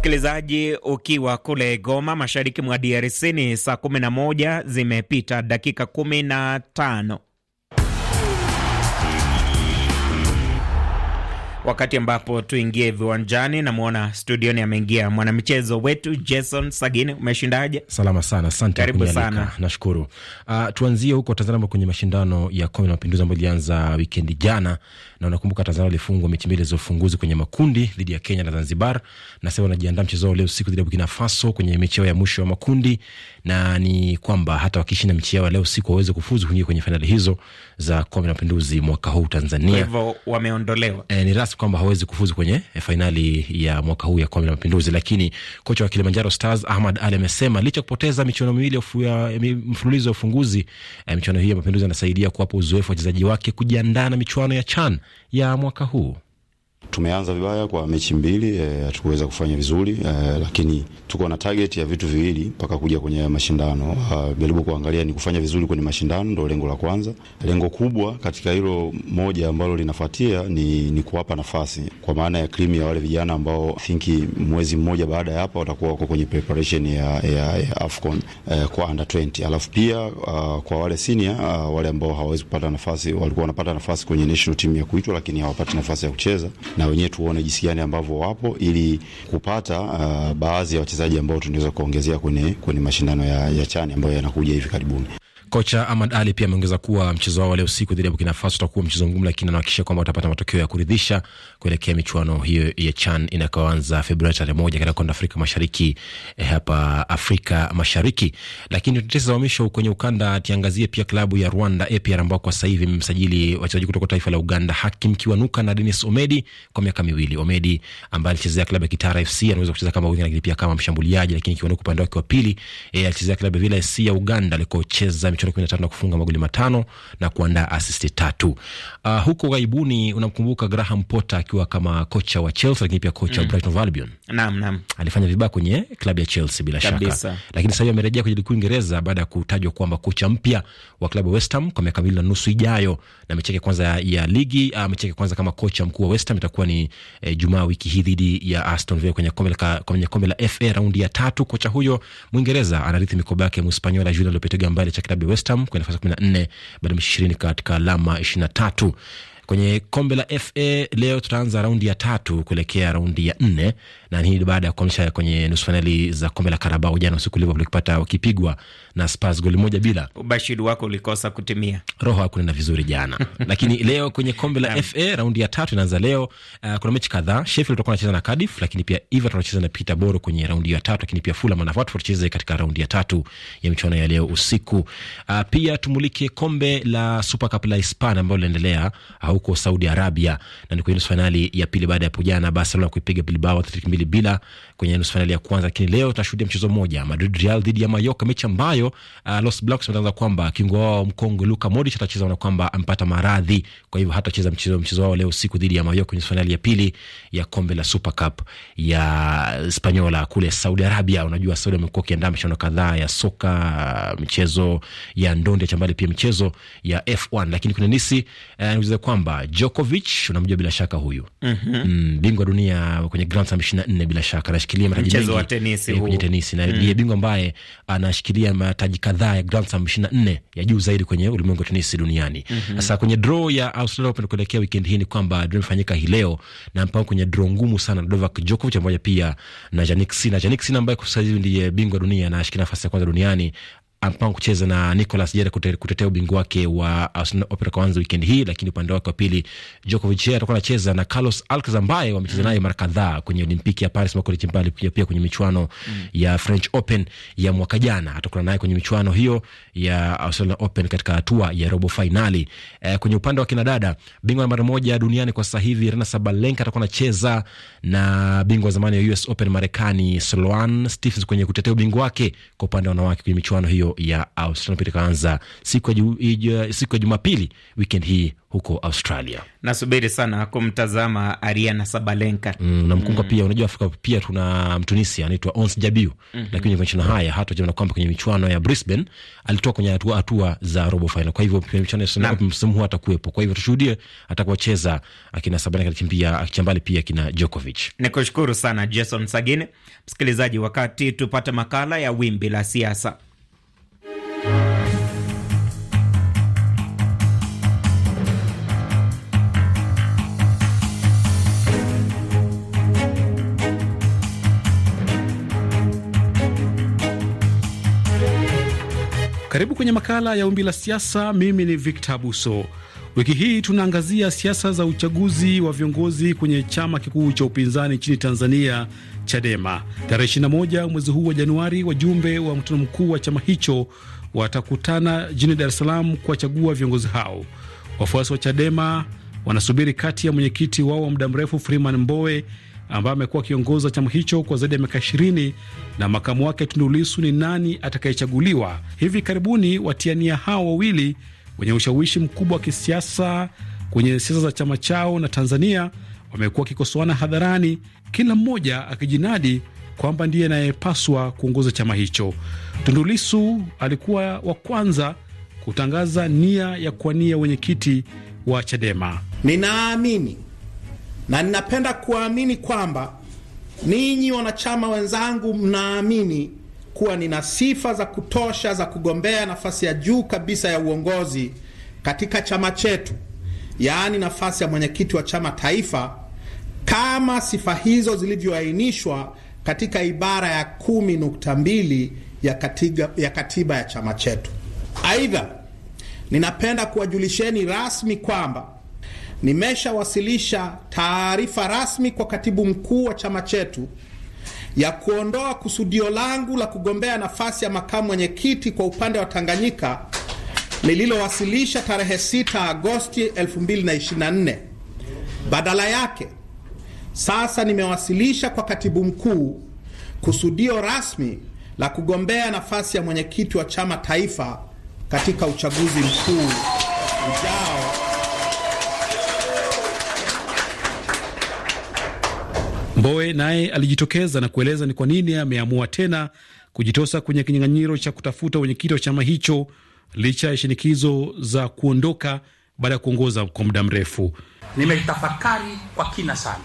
Msikilizaji, ukiwa kule Goma, mashariki mwa DRC ni saa 11 zimepita dakika 15. Wakati ambapo tuingie viwanjani, namwona studioni ameingia mwanamchezo wetu Jason Sagini. Umeshindaje? Salama sana, asante. Karibu sana, nashukuru. Uh, tuanzie huko Tanzania kwenye mashindano ya kombe la mapinduzi ambayo ilianza wikendi jana, na unakumbuka Tanzania walifungwa mechi mbili za ufunguzi kwenye makundi dhidi ya Kenya na Zanzibar, na sasa wanajiandaa mchezo wao leo siku dhidi ya Burkina Faso kwenye mechi yao ya mwisho ya makundi, na ni kwamba hata wakishinda mechi yao leo siku waweze kufuzu kuingia kwenye fainali hizo za kombe la mapinduzi mwaka huu Tanzania. Kwa hivyo wameondolewa, eh, ni nafasi kwamba hawezi kufuzu kwenye eh, fainali ya mwaka huu ya kombe la mapinduzi, lakini kocha wa Kilimanjaro Stars Ahmad Ali amesema licha kupoteza michuano miwili mfululizo ya ufunguzi, eh, michuano hii ya mapinduzi anasaidia kuwapa uzoefu wachezaji wake kujiandaa na michuano ya CHAN ya mwaka huu. Tumeanza vibaya kwa mechi mbili, eh, hatukuweza e, kufanya vizuri e, lakini tuko na target ya vitu viwili mpaka kuja kwenye mashindano. Ah, jaribu kuangalia ni kufanya vizuri kwenye mashindano, ndio lengo la kwanza. Lengo kubwa katika hilo moja ambalo linafuatia ni, ni kuwapa nafasi kwa maana ya krimi ya wale vijana ambao thinki mwezi mmoja baada ya hapa watakuwa wako kwenye preparation ya, ya, ya Afcon e, kwa under 20 alafu pia uh, kwa wale senior uh, wale ambao hawawezi kupata nafasi, walikuwa wanapata nafasi kwenye national team ya kuitwa, lakini hawapati nafasi ya kucheza na wenyewe tuone jinsi gani ambavyo wapo ili kupata uh, baadhi ya wachezaji ambao tunaweza kuongezea kwenye, kwenye mashindano ya, ya chani ambayo yanakuja hivi karibuni. Kocha Ahmad Ali pia ameongeza kuwa mchezo wao leo usiku dhidi ya Burkina Faso utakuwa mchezo mgumu, lakini anahakikisha kwamba watapata matokeo ya kuridhisha kuelekea michuano hiyo ya CHAN inayoanza Februari tarehe moja katika konda Afrika Mashariki eh, hapa Afrika Mashariki. Lakini tetesi za mwisho kwenye ukanda, tiangazie pia klabu ya Rwanda APR ambao kwa sasa hivi imemsajili wachezaji kutoka taifa la Uganda Hakim Kiwanuka na Denis Omedi kwa miaka miwili. Omedi ambaye alichezea klabu ya Kitara FC anaweza kucheza kama winga, lakini pia kama mshambuliaji, lakini Kiwanuka upande wake wa pili, eh, alichezea klabu ya Villa SC ya Uganda alikocheza michuano kumi na tatu na kufunga magoli matano na kuandaa asisti tatu. Uh, huko ghaibuni unamkumbuka Graham Potter akiwa kama kocha wa Chelsea, lakini pia kocha mm. wa Brighton Albion. Naam, naam. Alifanya vibaya kwenye klabu ya Chelsea bila Kabisa. shaka, lakini sasa hivi amerejea kwenye ligi kuu Uingereza baada ya kutajwa kwamba kocha mpya wa klabu ya West Ham kwa miaka miwili na nusu ijayo, na mechi yake kwanza ya, ligi uh, mechi yake kwanza kama kocha mkuu wa West Ham itakuwa ni eh, Jumaa wiki hii dhidi ya Aston Villa kwenye kombe la kwenye kombe la FA raundi ya tatu. Kocha huyo Mwingereza anarithi mikoba yake Mhispaniola Julian Lopetegui ambaye aliacha klabu ya West Ham kwenye nafasi ya kumi na nne baada ya mechi ishirini katika alama ishirini na tatu. Kwenye kombe la FA leo tutaanza raundi ya tatu kuelekea raundi ya nne, na hii baada ya kuamsha kwenye nusu fainali za kombe la Karabao jana usiku Liverpool ikipata wakipigwa na Spurs goli moja bila. Ubashiri wako ulikosa kutimia, roho hakunena vizuri jana lakini leo kwenye kombe la FA raundi ya tatu inaanza leo. Uh, kuna mechi kadhaa. Sheffield watakuwa anacheza na Cardiff, lakini pia Everton wanacheza na Peterborough kwenye raundi ya tatu, lakini pia Fulham na Watford wacheze katika raundi ya tatu ya michuano ya leo usiku. Uh, pia tumulike kombe la Super Cup la Hispania ambalo linaendelea uh, huko Saudi Arabia, na ni kwenye nusu fainali ya pili baada ya pojana Barcelona kuipiga Bilbao athletic mbili bila kwenye nusu fainali ya kwanza. Lakini leo tunashuhudia mchezo mmoja Madrid Real dhidi ya Mayoka, mechi ambayo uh, Los Blancos wametangaza kwamba kiungo wao mkongwe Luka Modric atacheza na kwamba amepata maradhi, kwa hivyo hatacheza mchezo mchezo wao leo usiku dhidi ya Mayoka kwenye nusu fainali ya pili ya kombe la Super Cup ya Spanyola kule Saudi Arabia. Unajua Saudi amekuwa akiandaa michuano kadhaa ya soka, uh, michezo ya ndondi chambali, pia michezo ya F1 lakini kuna nisi uh, kwamba Djokovic unamjua bila shaka huyu mm -hmm. mm, bingwa dunia kwenye Grand Slam ishirini na nne bila shaka anashikilia mataji mengi eh, kwenye tenisi na mm. ndiye mm. bingwa ambaye anashikilia mataji kadhaa ya Grand Slam ishirini na nne ya juu zaidi kwenye ulimwengu wa tenisi duniani. Mhm. Sasa kwenye draw ya Australia Open kuelekea wikendi hii ni kwamba draw imefanyika hii leo na mpango kwenye draw ngumu sana Novak Djokovic pamoja pia na Jannik Sinner. Jannik Sinner ambaye kwa sasa hivi ndiye bingwa dunia na anashikilia nafasi ya kwanza duniani amepanga kucheza na Nicolas Jere kutetea ubingwa wake wa Australian Opera kwanza wikendi hii, lakini upande wake wa pili Djokovic yeye atakuwa anacheza na Carlos Alcaraz ambaye wamecheza mm. naye mara kadhaa kwenye Olimpiki ya Paris mwaka uliopita, pia pia kwenye michuano mm. ya French Open ya mwaka jana. Atakuwa naye kwenye michuano hiyo ya Australian Open katika hatua ya robo finali. E, kwenye upande wa kinadada, bingwa mara moja duniani kwa sasa hivi Rena Sabalenka atakuwa anacheza na bingwa wa zamani wa US Open Marekani Sloane Stephens kwenye kutetea ubingwa wake kwa upande wa wanawake kwenye michuano hiyo ya Australia pia ikaanza siku ya Jumapili wikend hii huko Australia. Nasubiri sana kumtazama Ariana Sabalenka. Mm, namkumbuka mm. Pia unajua Afrika pia tuna Mtunisia anaitwa Ons Jabiu mm -hmm. Lakini kwenye mashindano haya hata jana kwamba kwenye michuano ya Brisbane alitoka kwenye hatua hatua za robo final, kwa hivyo kwenye michuano ya Sydney msimu huu atakuwepo. Kwa hivyo tushuhudie atakocheza akina Sabalenka alikimbia akichambali pia akina Djokovic. Nikushukuru sana Jason Sagine. Msikilizaji, wakati tupate makala ya wimbi la siasa Karibu kwenye makala ya Umbi la Siasa. Mimi ni Victor Abuso. Wiki hii tunaangazia siasa za uchaguzi wa viongozi kwenye chama kikuu cha upinzani nchini Tanzania, Chadema. Tarehe 21 mwezi huu wa Januari, wajumbe wa mkutano mkuu wa chama hicho watakutana jijini Dar es Salaam kuwachagua viongozi hao. Wafuasi wa Chadema wanasubiri kati ya mwenyekiti wao wa muda mrefu Freeman Mbowe ambaye amekuwa akiongoza chama hicho kwa zaidi ya miaka 20 na makamu wake Tundu Lissu ni nani atakayechaguliwa. Hivi karibuni watiania hao wawili wenye ushawishi mkubwa wa kisiasa kwenye siasa za chama chao na Tanzania wamekuwa wakikosoana hadharani, kila mmoja akijinadi kwamba ndiye anayepaswa kuongoza chama hicho. Tundu Lissu alikuwa wa kwanza kutangaza nia ya kuwania wenyekiti wa Chadema. Ninaamini na ninapenda kuwaamini kwamba ninyi wanachama wenzangu mnaamini kuwa nina sifa za kutosha za kugombea nafasi ya juu kabisa ya uongozi katika chama chetu, yaani nafasi ya mwenyekiti wa chama taifa, kama sifa hizo zilivyoainishwa katika ibara ya kumi ya katiba ya, katiba ya chama chetu. Aidha, ninapenda kuwajulisheni rasmi kwamba nimeshawasilisha taarifa rasmi kwa katibu mkuu wa chama chetu ya kuondoa kusudio langu la kugombea nafasi ya makamu mwenyekiti kwa upande wa Tanganyika lililowasilisha tarehe 6 Agosti 2024. Badala yake sasa nimewasilisha kwa katibu mkuu kusudio rasmi la kugombea nafasi ya mwenyekiti wa chama taifa katika uchaguzi mkuu ujao. Mbowe naye alijitokeza na kueleza ni kwa nini ameamua tena kujitosa kwenye kinyang'anyiro cha kutafuta wenyekiti wa chama hicho licha ya shinikizo za kuondoka baada ya kuongoza kwa muda mrefu. Nimetafakari kwa kina sana.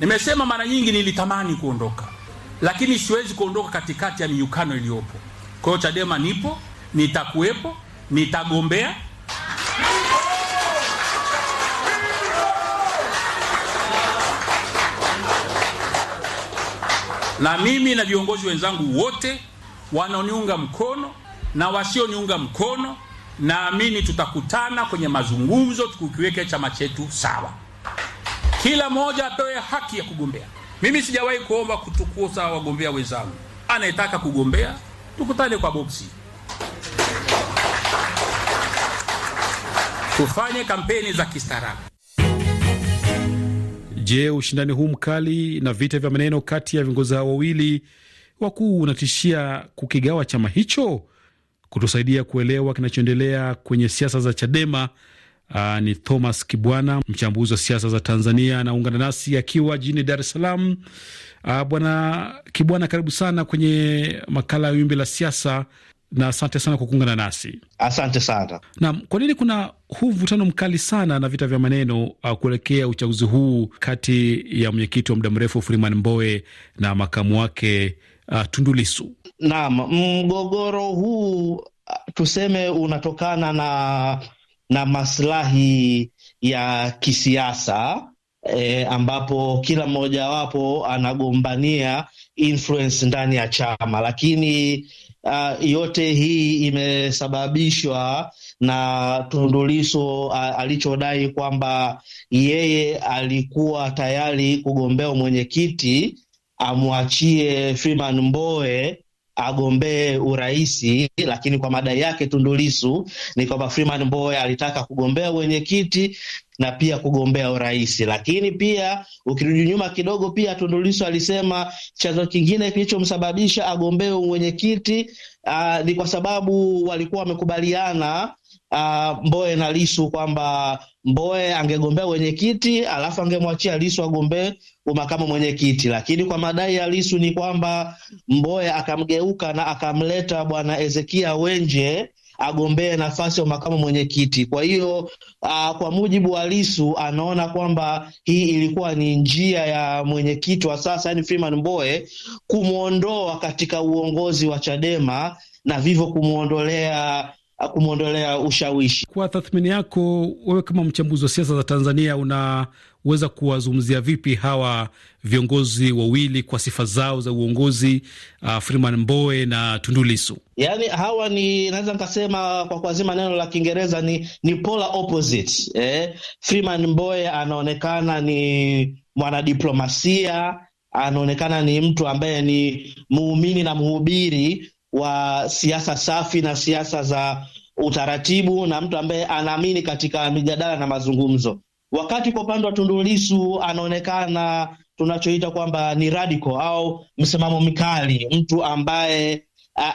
Nimesema mara nyingi nilitamani kuondoka, lakini siwezi kuondoka katikati ya minyukano iliyopo. Kwa hiyo Chadema nipo, nitakuwepo, nitagombea na mimi na viongozi wenzangu wote wanaoniunga mkono na wasioniunga mkono, naamini tutakutana kwenye mazungumzo tukukiweke chama chetu sawa, kila mmoja apewe haki ya kugombea. Mimi sijawahi kuomba kutukosa wagombea wenzangu. Anayetaka kugombea tukutane kwa boksi, tufanye kampeni za kistaarabu. Je, ushindani huu mkali na vita vya maneno kati ya viongozi hao wawili wakuu unatishia kukigawa chama hicho? Kutusaidia kuelewa kinachoendelea kwenye siasa za Chadema aa, ah, ni Thomas Kibwana, mchambuzi wa siasa za Tanzania, anaungana nasi akiwa jijini Dar es Salaam. Ah, Bwana Kibwana, karibu sana kwenye makala ya Wimbi la Siasa na asante sana kwa kuungana nasi. Asante sana. nam kwa nini kuna huu mvutano mkali sana na vita vya maneno uh, kuelekea uchaguzi huu kati ya mwenyekiti wa muda mrefu Freeman Mbowe na makamu wake uh, Tundu Lissu? mgogoro huu uh, tuseme unatokana na, na maslahi ya kisiasa e, ambapo kila mmojawapo anagombania influence ndani ya chama, lakini uh, yote hii imesababishwa na Tundu Lissu alichodai kwamba yeye alikuwa tayari kugombea mwenyekiti amwachie Freeman Mbowe agombee uraisi, lakini kwa madai yake Tundu Lissu ni kwamba Freeman Mbowe alitaka kugombea wenyekiti na pia kugombea urais. Lakini pia ukirudi nyuma kidogo, pia Tundu Lissu alisema chanzo kingine kilichomsababisha agombee wenyekiti ah, ni kwa sababu walikuwa wamekubaliana uh, ah, Mboe na Lisu kwamba Mboe angegombea wenyekiti alafu angemwachia Lisu agombee umakamu mwenyekiti, lakini kwa madai ya Lisu ni kwamba Mboe akamgeuka na akamleta bwana Ezekia Wenje agombee nafasi ya makamu mwenyekiti. Kwa hiyo uh, kwa mujibu wa Lisu anaona kwamba hii ilikuwa ni njia ya mwenyekiti wa sasa, yani Freeman Mbowe, kumwondoa katika uongozi wa Chadema na vivyo kumwondolea kumwondolea ushawishi. Kwa tathmini yako wewe, kama mchambuzi wa siasa za Tanzania, unaweza kuwazungumzia vipi hawa viongozi wawili kwa sifa zao za uongozi, uh, Freeman Mbowe na Tundu Lissu? Yani hawa ni naweza nikasema kwa kuazima neno la Kiingereza ni, ni polar opposite eh? Freeman Mbowe anaonekana ni mwanadiplomasia anaonekana ni mtu ambaye ni muumini na mhubiri wa siasa safi na siasa za utaratibu na mtu ambaye anaamini katika mijadala na mazungumzo, wakati kwa upande wa Tundu Lissu anaonekana tunachoita kwamba ni radical au msimamo mkali, mtu ambaye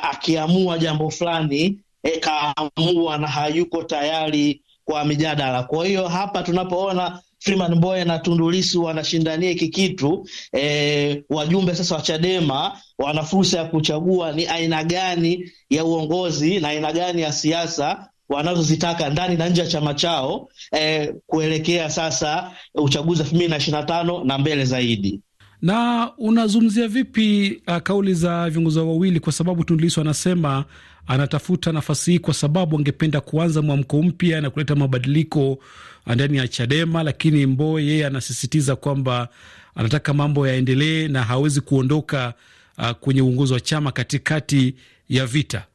akiamua jambo fulani e, kaamua na hayuko tayari kwa mijadala. Kwa hiyo hapa tunapoona Freeman Mbowe na Tundu Lissu wanashindania hiki kitu e, wajumbe sasa wa Chadema wana fursa ya kuchagua ni aina gani ya uongozi na aina gani ya siasa wanazozitaka ndani na nje ya chama chao e, kuelekea sasa uchaguzi elfu mbili na ishirini na tano na mbele zaidi na unazungumzia vipi uh, kauli za viongozi wawili kwa sababu Tundu Lissu anasema anatafuta nafasi hii kwa sababu angependa kuanza mwamko mpya na kuleta mabadiliko ndani ya Chadema, lakini mbo yeye anasisitiza kwamba anataka mambo yaendelee na hawezi kuondoka uh, kwenye uongozi wa chama katikati ya vita.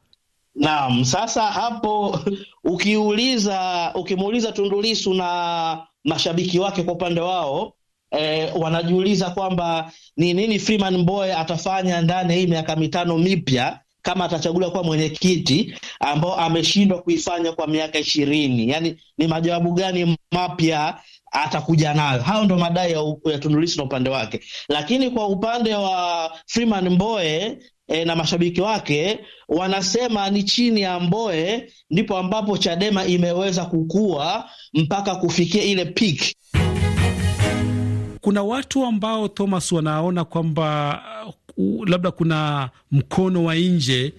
Naam, sasa hapo ukiuliza, ukimuuliza Tundu Lissu na mashabiki wake kwa upande wao E, wanajiuliza kwamba ni nini Freeman Mbowe atafanya ndani ya hii miaka mitano mipya kama atachaguliwa kuwa mwenyekiti ambao ameshindwa kuifanya kwa miaka ishirini. Yani ni majawabu gani mapya atakuja nayo? Hayo ndo madai ya, ya Tundu Lissu na upande wake, lakini kwa upande wa Freeman Mbowe E, na mashabiki wake wanasema ni chini ya Mbowe ndipo ambapo Chadema imeweza kukua mpaka kufikia ile peak. Kuna watu ambao Thomas wanaona kwamba labda kuna mkono wa nje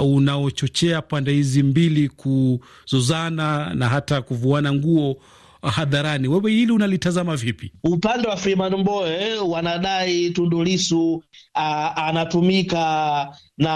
uh, unaochochea pande hizi mbili kuzozana na hata kuvuana nguo uh, hadharani. Wewe hili unalitazama vipi? Upande wa Freeman Mbowe wanadai Tundu Lissu uh, anatumika na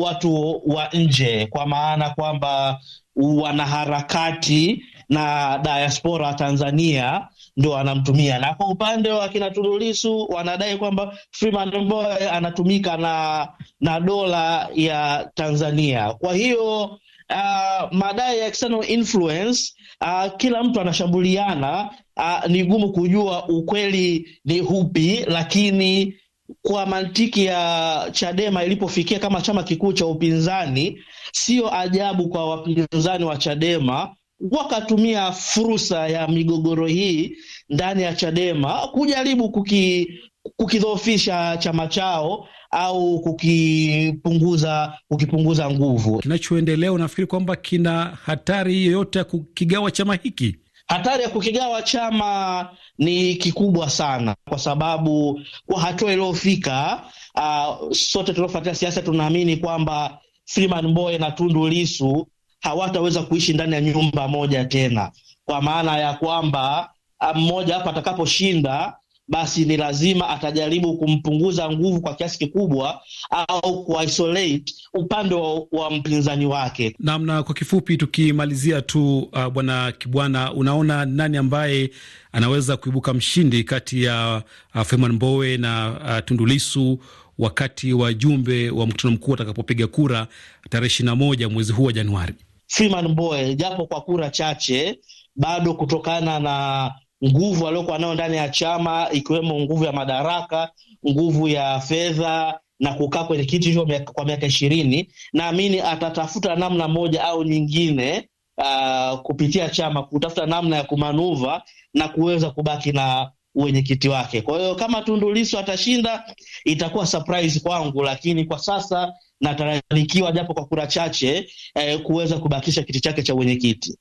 watu wa nje, kwa maana kwamba wanaharakati na diaspora Tanzania ndo anamtumia, na kwa upande wa kina Tundu Lissu wanadai kwamba Freeman Mbowe anatumika na, na dola ya Tanzania. Kwa hiyo uh, madai ya external influence uh, kila mtu anashambuliana uh, ni gumu kujua ukweli ni hupi, lakini kwa mantiki ya Chadema ilipofikia kama chama kikuu cha upinzani, sio ajabu kwa wapinzani wa Chadema wakatumia fursa ya migogoro hii ndani ya Chadema kujaribu kuki, kukidhoofisha chama chao au kukipunguza kukipunguza nguvu. Kinachoendelea unafikiri kwamba kina hatari yoyote ya kukigawa chama hiki? Hatari ya kukigawa chama ni kikubwa sana, kwa sababu kwa hatua iliyofika, uh, sote tuliofuatia siasa tunaamini kwamba Freeman Mbowe na Tundu Lissu hawataweza kuishi ndani ya nyumba moja tena, kwa maana ya kwamba ah, mmoja hapa atakaposhinda basi ni lazima atajaribu kumpunguza nguvu kwa kiasi kikubwa au kuisolate upande wa, wa mpinzani wake. namna. na kwa kifupi tukimalizia tu uh, bwana Kibwana, unaona nani ambaye anaweza kuibuka mshindi kati ya uh, Freeman Mbowe na uh, Tundulisu Lissu wakati wajumbe wa mkutano mkuu watakapopiga kura tarehe ishirini na moja mwezi huu wa Januari? Freeman Mbowe, japo kwa kura chache, bado kutokana na nguvu aliyokuwa nayo ndani ya chama, ikiwemo nguvu ya madaraka, nguvu ya fedha na kukaa kwenye kiti hicho kwa miaka ishirini, naamini atatafuta namna moja au nyingine, uh, kupitia chama kutafuta namna ya kumanuva na kuweza kubaki na uwenyekiti wake. Kwa hiyo kama Tundu Lissu atashinda itakuwa surprise kwangu, lakini kwa sasa natarajikiwa japo kwa kura chache eh, kuweza kubakisha kiti chake cha uwenyekiti.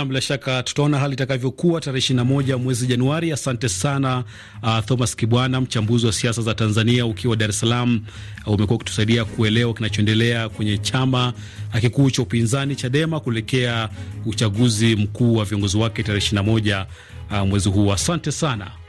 Nam, bila shaka tutaona hali itakavyokuwa tarehe 21 mwezi Januari. Asante sana uh, Thomas Kibwana, mchambuzi wa siasa za Tanzania, ukiwa Dar es Salaam. Uh, umekuwa ukitusaidia kuelewa kinachoendelea kwenye chama uh, kikuu cha upinzani Chadema kuelekea uchaguzi mkuu wa viongozi wake tarehe 21 uh, mwezi huu. Asante sana.